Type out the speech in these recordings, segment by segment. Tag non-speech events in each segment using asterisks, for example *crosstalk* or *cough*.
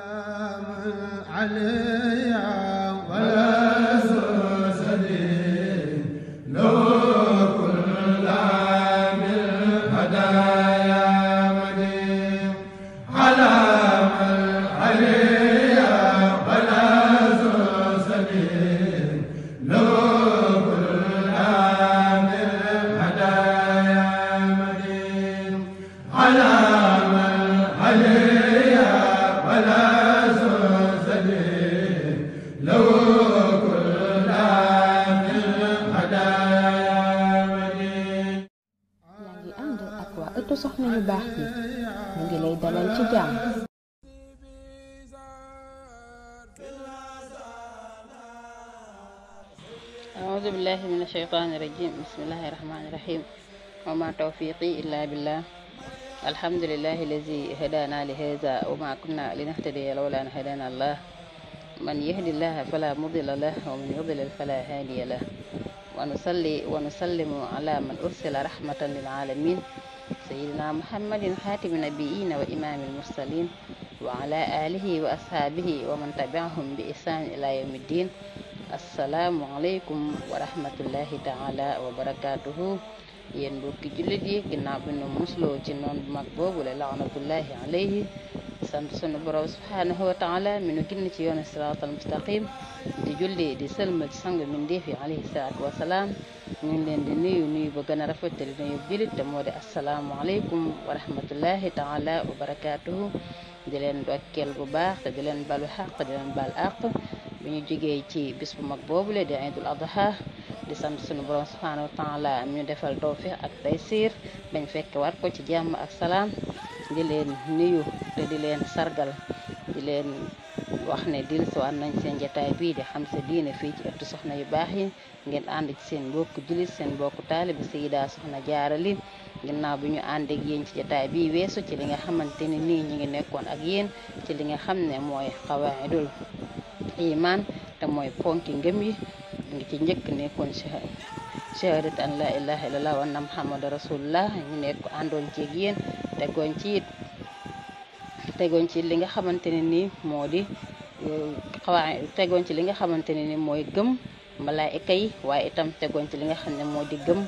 السلام ولا زوزني لو كل ci أعوذ بالله من الشيطان الرجيم بسم الله الرحمن الرحيم وما توفيقي إلا بالله الحمد لله الذي هدانا لهذا وما كنا لنهتدي لولا أن هدانا الله من يهد الله فلا مضل له ومن يضلل فلا هادي له ونصلي ونسلم على من أرسل رحمة للعالمين سيدنا محمد خاتم النبيين وإمام المرسلين وعلى آله وأصحابه ومن تبعهم بإحسان إلى يوم الدين السلام عليكم ورحمة الله تعالى وبركاته yéen mbokki jullit yi ginnaaw bi nu musloo ci noon bu mag boobu la laanatullahi alayhi sant sunu borom subhaanahu wa taala mi nu ginn ci yoonu siraatal mustaqim di julli di sëlmal ci sangu mbindeef yi alayhi salaatu wa salaam ñu ngi leen di nuyu nuyu ba gën a rafetali nuyu jullit te moo di asalaamualeykum wa rahmatullahi taala wa barakaatuhu di leen dokkeel bu baax te di leen balu xaq di leen bal àq bi ñu jógee ci bis bu mag boobule di Aïdul Adha di sant sunu borom subhaanahu wa taala mi ñu defal tawfiq ak taysiir bañ fekk war ko ci jàmm ak salaam. di leen nuyu te di leen sargal di leen wax ne dil siwaat nañ seen jataay bii de xam sa diine fii ci ëttu soxna yu baax yi ngeen ànd ci seen mbokku jullit seen mbokku taalibi sayida soxna jaarali ginnaaw bu ñu ànd ak ci jataay bii weesu ci li nga xamante ni nii ñu ngi nekkoon ak yéen ci li nga xam ne mooy xawaidul iman te mooy ponki ngëm yi ngi ci njëkk nekkoon si shahadat an la ilaha illallah wa anna muhammadar rasulullah ñu nekk andon ci ak yeen teggon ci teggon ci li nga xamanteni ni modi di xawaa ci li nga xamanteni ni moy gem malaika yi waaye itam teggon ci li nga xamne modi gem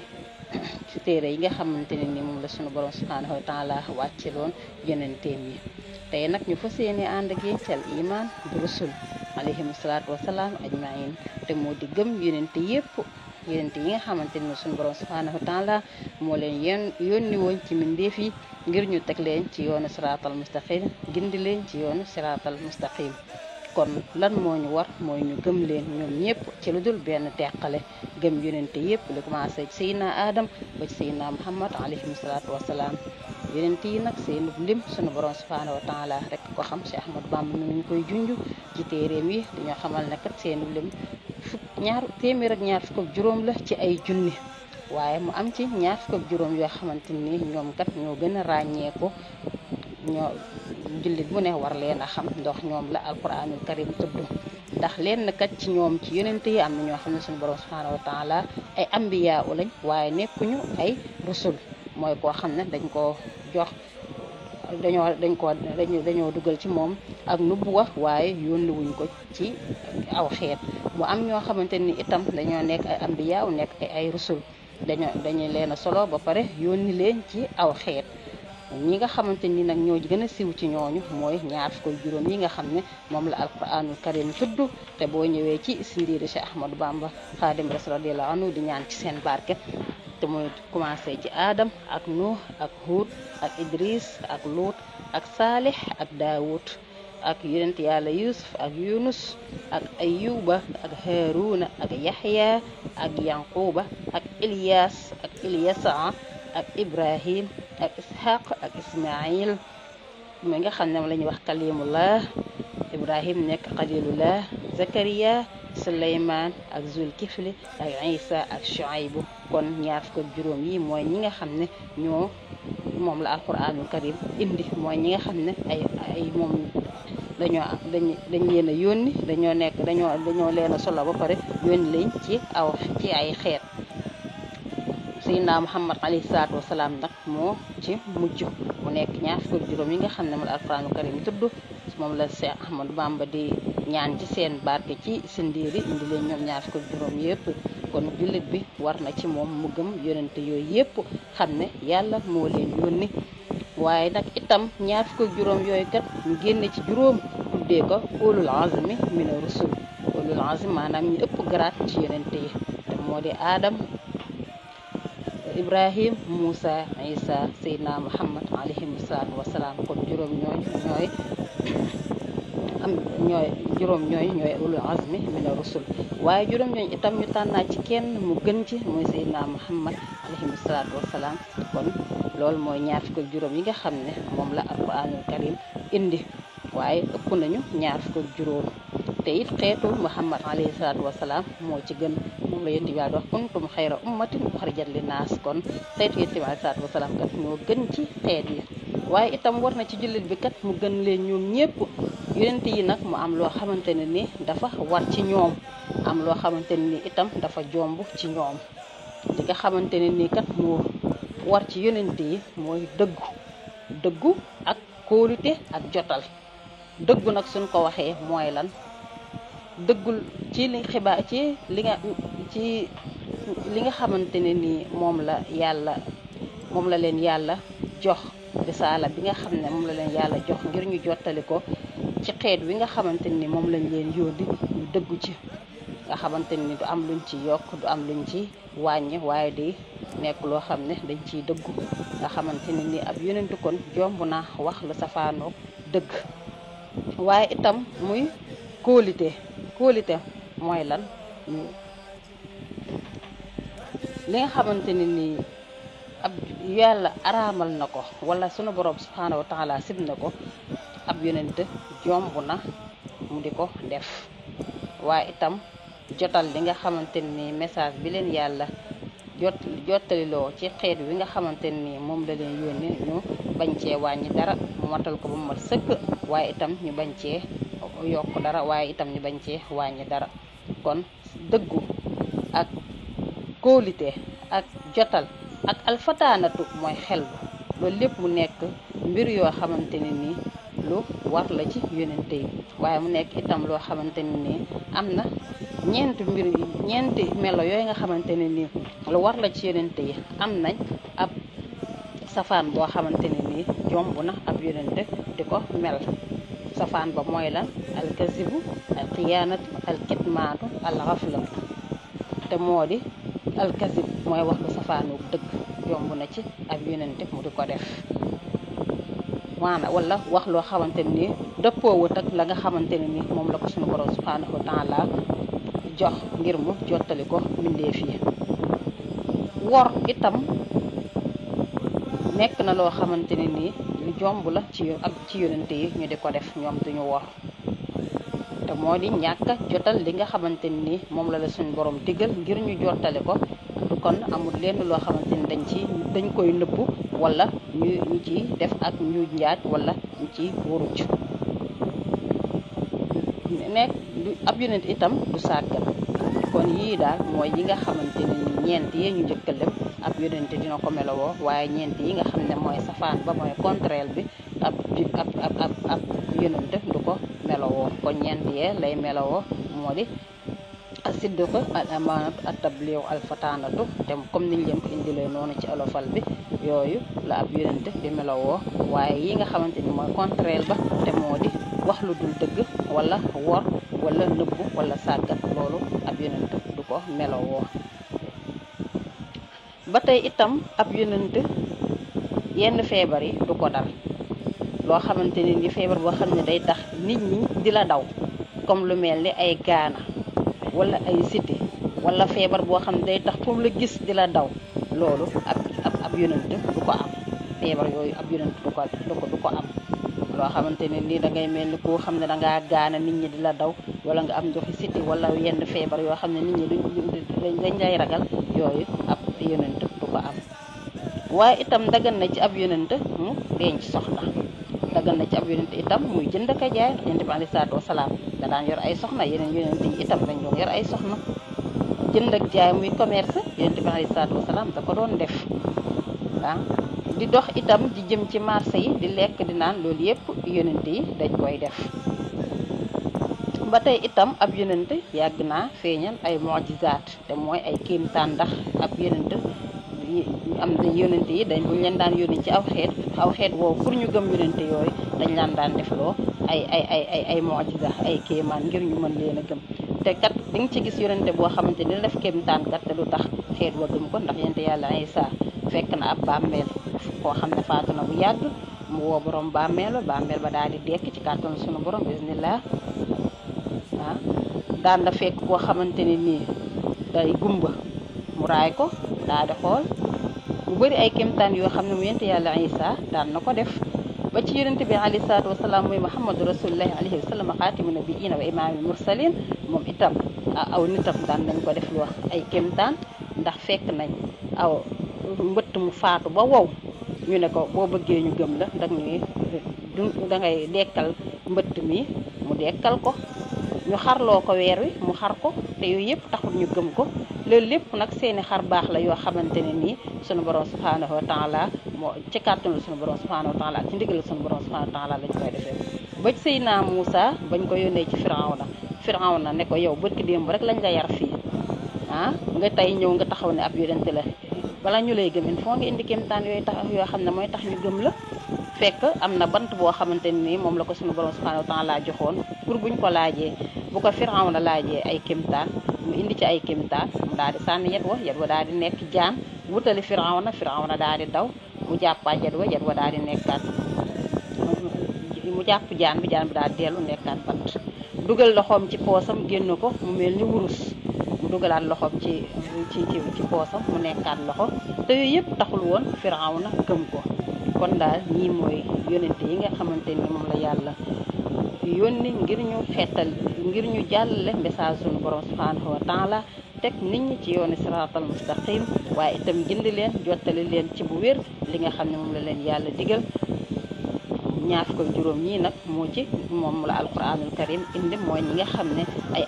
*coughs* ci téere yi nga xamanteni ni mom la sunu borom subhanahu wa taala wacce lon yonenteem yi tay nak ñu fas and ak yéen ci iman ajmain te modi gem yenente yep yonent yi nga xamante ni suñu borom subhanahu wa taala moo leen yén yónni woon ci mbindeef yi ngir ñu teg leen ci yoonu siraatal mustaqim gindi leen ci yoonu siraatal mustaqim kon lan moo ñu war mooy ñu gëm leen ñoom ñëpp ci lu dul benn teqale gëm yonente yëpp li commencé ci Seydina Adam ba ci Seydina Muhammad alayhi salaatu wasalaam yonente yi nag seen lim sunu borom subhaanahu wa taala rek ko xam Cheikh Ahmad Bamba mi ñu koy junj ci téeréem yi dañoo xamal ne kat seen fukk ñaar téeméer ak ñaar fukk juróom la ci ay junni waaye mu am ci ñaar fukk juróom yoo xamante ni ñoom kat ñoo gën a ràññeeku ñoo jullit bu ne war leen a xam ndox ñoom la alquranul karim tudd ndax lenn kat ci ñoom ci yonente yi am na ñoo xam ne suñu borom subhanahu wa taala ay ambiyaa lañ waaye nekkuñu ay rusul mooy koo xam ne dañ ko jox dañoo dañ ko dañoo dugal ci moom ak nubbu wax waaye yónni wuñ ko ci aw xeet mu am ñoo xamante ni itam dañoo nekk ay ambiyaaw nekk ay rusul dañoo dañuy leen a solo ba pare yónni leen ci aw xeet ñi nga xamante ni nag ñoo gën a siw ci ñooñu mooy ñaar fukk juróom yi nga xam ne moom la alquraanul karim tudd te boo ñëwee ci sindiiri Cheikh Ahmadou Bamba xaadim rasul radiyallahu anhu di ñaan ci seen barke te moy commencé ci adam ak nuh ak hud ak idris ak lut ak salih ak daoud ak yonent yàlla yusuf ak yunus ak ayyuba ak harun ak yahya ak yanquba ak ilyas ak ilyasa ak ibrahim ak ishaq ak ismaeil mi nga xamne lañ wax kalimullah ibrahim nek khalilullah zakariya Suleymaan ak Zulkifli ak Isa ak Shuaybu kon ñaar fukk ak juróom yi mooy ñi nga xam ne ñoo moom la alquranul karim indi mooy ñi nga xam ne ay ay moom dañoo dañ dañ leen a yónni dañoo nekk dañoo dañoo leen a solo ba pare yónni lañ ci aw ci ay xeet sayyidina Muhammad alayhi salaatu wasalaam nag moo ci mujj mu nekk ñaar fukk ak juróom yi nga xam ne moom la alquranul karim tudd moom la Cheikh Ahmadou Bamba di ñaan ci seen barke ci sindiiri indi leen ñoom ñaar ko juróom yëpp kon jullit bi war na ci moom mu gëm yonente yooyu yëpp xam ne yàlla moo leen yónni waaye nag itam ñaar fukk juróom yooyu kat ñu génne ci juróom tuddee ko ulul azmi mina rusul ulul azmi maanaam ñu ëpp garaat ci yonente yi te moo di aadam ibrahim moussa isa seydna muhammad alayhim salaatu wasalaam kon juróom ñooy ñooy *coughs* am ñooy juróom ñooy ñooy mi azmi mina rusul waaye juróom ñooñu itam ñu tànnaat ci kenn mu gën ci muy Seydina Muhammad alayhi salaatu wasalaam kon loolu mooy ñaar fukk ak juróom yi nga xam ne moom la alquranul karim indi waaye ëpp nañu ñaar fukk ak juróom te it xeetu Muhammad alayhi salaatu wasalaam moo ci gën moom la yonent bi daal di wax kuntum xayra ummatin uxrijat li naas kon xeetu yonent bi alayhi salaatu wasalaam moo gën ci xeet yi waaye itam war na ci jullit bi kat mu gën leen ñoom ñépp yonent yi nag mu am loo xamante ne ni dafa war ci ñoom am loo xamante ne ni itam dafa jomb ci ñoom li nga xamante ne ni kat war ci yonent yi mooy dëggu dëggu ak kóolute ak jotal dëggu nag suñ ko waxee mooy lan dëggul ci ci li nga ci ni moom la yàlla moom la leen yàlla jox risaala bi nga xam ne moom la leen yàlla jox ngir ñu jottali ko ci xeet wi nga xamante ni moom lañ leen yónni ñu dëggu ci nga xamante ni du am luñ ci yokk du am luñ ci wàññi waaye di nekk loo xam ne dañ ciy dëggu nga xamante ni ni ab yonentu kon jomb naa wax la safaanoog dëgg waaye itam muy kóolite kóolite mooy lan li nga xamante ni ab yàlla araamal na ko wala sunu borom subhaanahu wa taala na ko ab yonent jomb na mu di ko def waaye itam jotal li nga xamante ni message bi leen yàlla jot jottaliloo ci xeet wi nga xamante ni moom la leen yónni ñu bañ cee wàññi dara mu matal ko ba mu mat sëkk waaye itam ñu bañ cee yokk dara waaye itam ñu bañ cee wàññi dara kon dëggu ak kóolite ak jotal ak alfataanatu mooy xel loolu lépp mu nekk mbir yoo xamante ne nii lu war la ci yonente yi waaye mu nekk itam loo xamante ne nii am na ñeenti mbir yi ñeenti melo yooyu nga xamante ne nii lu war la ci yonente yi am nañ ab safaan boo xamante ne nii jomb na ab yonente di ko mel safaan ba mooy lan alkasibu alxiyaanatu alkitmaanu alxaflatu te moo di alkazib mooy wax lu safaanoog dëgg yomb na ci ab yonente mu di ko def maanaam wala wax loo xamante ne nii dëppoowut ak la nga xamante ne nii moom la ko suñu borom subhanahu wa jox ngir mu jottali ko mbindeef yi wor itam nekk na loo xamante ne nii lu jomb la ci ak ci yonente yi ñu di ko def ñoom duñu wor te moo di ñàkk jotal li nga xamante ni moom la la suñu borom digal ngir ñu jottale ko kon amul lenn loo xamante ni dañ ci dañ koy nëbbu walla ñu ñu ci def ak njuuj njaaj wala ñu ci waruj nekk ab yonent itam du sàggan kon yii daal mooy yi nga xamante ne ñeent yi ñu njëkk lépp ab yonente dina ko melowoo waaye ñeent yi nga xam ne mooy safaan ba mooy contraire bi ab ab du ko melowoo kon ñeent yee lay melowoo moo di asiddiq al amaanatu at al fataanatu te comme niñ leen ko indilee noonu ci olofal bi yooyu la ab yonente di melowoo waaye yi nga xamante ni mooy contraire ba te moo di wax lu dul dëgg wala wor wala nëbbu wala sàggat loolu ab yonent du ko melowoo ba tey itam ab yonent yenn feebar yi du ko dal loo xamante ne ni feebar boo xam ne day tax nit ñi di la daw comme lu mel ni ay gaana wala ay siti wala feebar boo xam ne day tax pour la gis di la daw loolu ab ab ab du ko am feebar yooyu ab yonent du ko du ko am lo xamanteni ne da ngay mel ko xamne da nga gaana nit ñi di daw wala nga am ndoxi siti wala yenn febar yo xamne nit ñi duñ lañ lay ragal yooyu ab yonent du ko am way itam dagan na ci ab yonent mu denc soxna dagan na ci ab yonent itam muy jënd ka jaay ndax yonent bi aleyhi salaatu wasalaam da daan yor ay soxna yeneen yonent yi itam dañ doon yor ay soxna jënd ak jaay muy commerce yonent bi da ko doon def ah. di dox itam di jëm ci marché yi di lekk di naan loolu yépp yonent yi dañ koy def ba tey itam ab yonante yàgg naa feeñal ay mojizaat te mooy ay kéemtaan ndax ab yonent am yi dañ buñ leen daan yónni ci aw xeet aw woowu pour ñu gëm yonent dañ leen daan defloo ay ay ay ay ay mojiza ay kéemaan ngir ñu mën leen a gëm te kat di nga ci gis yonente boo xamante ni def kéemtaan kat te lu tax xeet wa gëm ko ndax yonente yàlla Isaa fekk na ab bàmmeel koo xam ne faatu na bu yàgg mu woo borom bàmmeel ba bàmmeel ba daal di dekk ci kàttanu sunu borom bismillah ah daan la fekk koo xamante ne nii day gumba mu raay ko daal di xool mu bëri ay kéemtaan yoo xam ne mu yent yàlla isa daan na ko def ba ci yonente bi alei salaatu wasalaam muy muhammadu rasulillahi moom itam ah, aw nitam daan nañ ko def lu ay kéemtaan ndax fekk nañ aw mbëtt mu faatu ba wow ñu ne ko boo bëggee ñu gëm la ndax ñuy du dangay dekkal mbëtt mi mu dekkal ko ñu xarloo ko weer wi mu xar ko te yooyu yëpp taxul ñu gëm ko loolu lépp nag seeni xar baax la yoo xamante ne nii sunu borom subhanahu wa la moo ci kàttanul sunu borom subhanahu wa taala ci ndigal suñu borom subhanahu wa la lañ koy defee ba sëy naa Moussa bañ ko yónnee ci Firawna Firawna ne ko yow bërki démb rek lañ la yar fii ah nga tey ñëw nga taxaw ne ab yonente la bala ñu lay gëm il faut nga indi kéemtaan yooyu tax yoo xam ne mooy tax ñu gëm la fekk am na bant boo xamante nii moom la ko suñu borom subhanahu wa taala joxoon pour bu buñ ko laajee bu ko firaw na laajee ay kéemtaan mu indi ci ay kéemtaan mu daal di sànni yet wa yet wa daal di nekk jaan wutali firaw na firaw na daal di daw mu jàppaat yet wa yet wa daal di nekkaat mu jàpp jaan bi jaan bi daal di dellu nekkaat bant dugal loxoom ci poosam génn ko mu mel ni dugalaat loxoom ci ci ci ci poosam mu nekkaat loxo te yooyu yëpp taxul woon Firawna gëm ko kon daal ñii mooy yonente yi nga xamante ni moom la yàlla yónni ngir ñu xeetal ngir ñu jàll le message suñu borom subhanahu wa taala teg nit ñi ci yoonu siraatal mustaqim waaye itam gindi leen jottali leen ci bu wér li nga xam ne moom la leen yàlla digal ñaar fukk juróom ñii nag moo ci moom la alquranul karim indi mooy ñi nga xam ne ay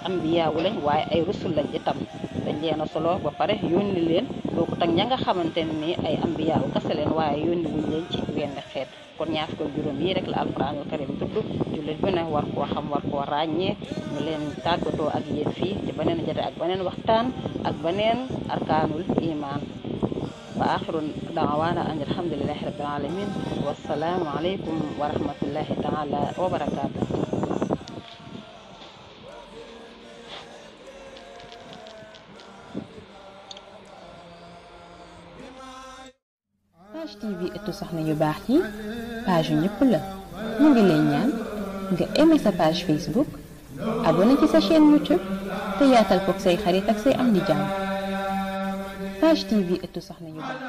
wu lañ waaye ay rusul lañ itam dañ leen a solo ba pare yónni leen boo ko tag ña nga xamante ne nii ay ambiyaawu kese leen waaye yónni wuñ leen ci wenn xeet kon ñaar fukk ak juróom yii rek la alquranul karim tudd jullit bu ne war koo xam war koo ràññee ñu leen tàggatoo ak yéen fii ci beneen jote ak beneen waxtaan ak beneen arkaanul imaan وآخر دعوانا أن الحمد لله رب العالمين والسلام عليكم ورحمة الله تعالى وبركاته page tv ëttu soxna yu baax yi page yu ñëpp la mu ngi lay ñaan nga aimé sa page facebook abonné ci sa chaîne youtube te yaatal koog say xarit ak say am di jàmm تي في اتو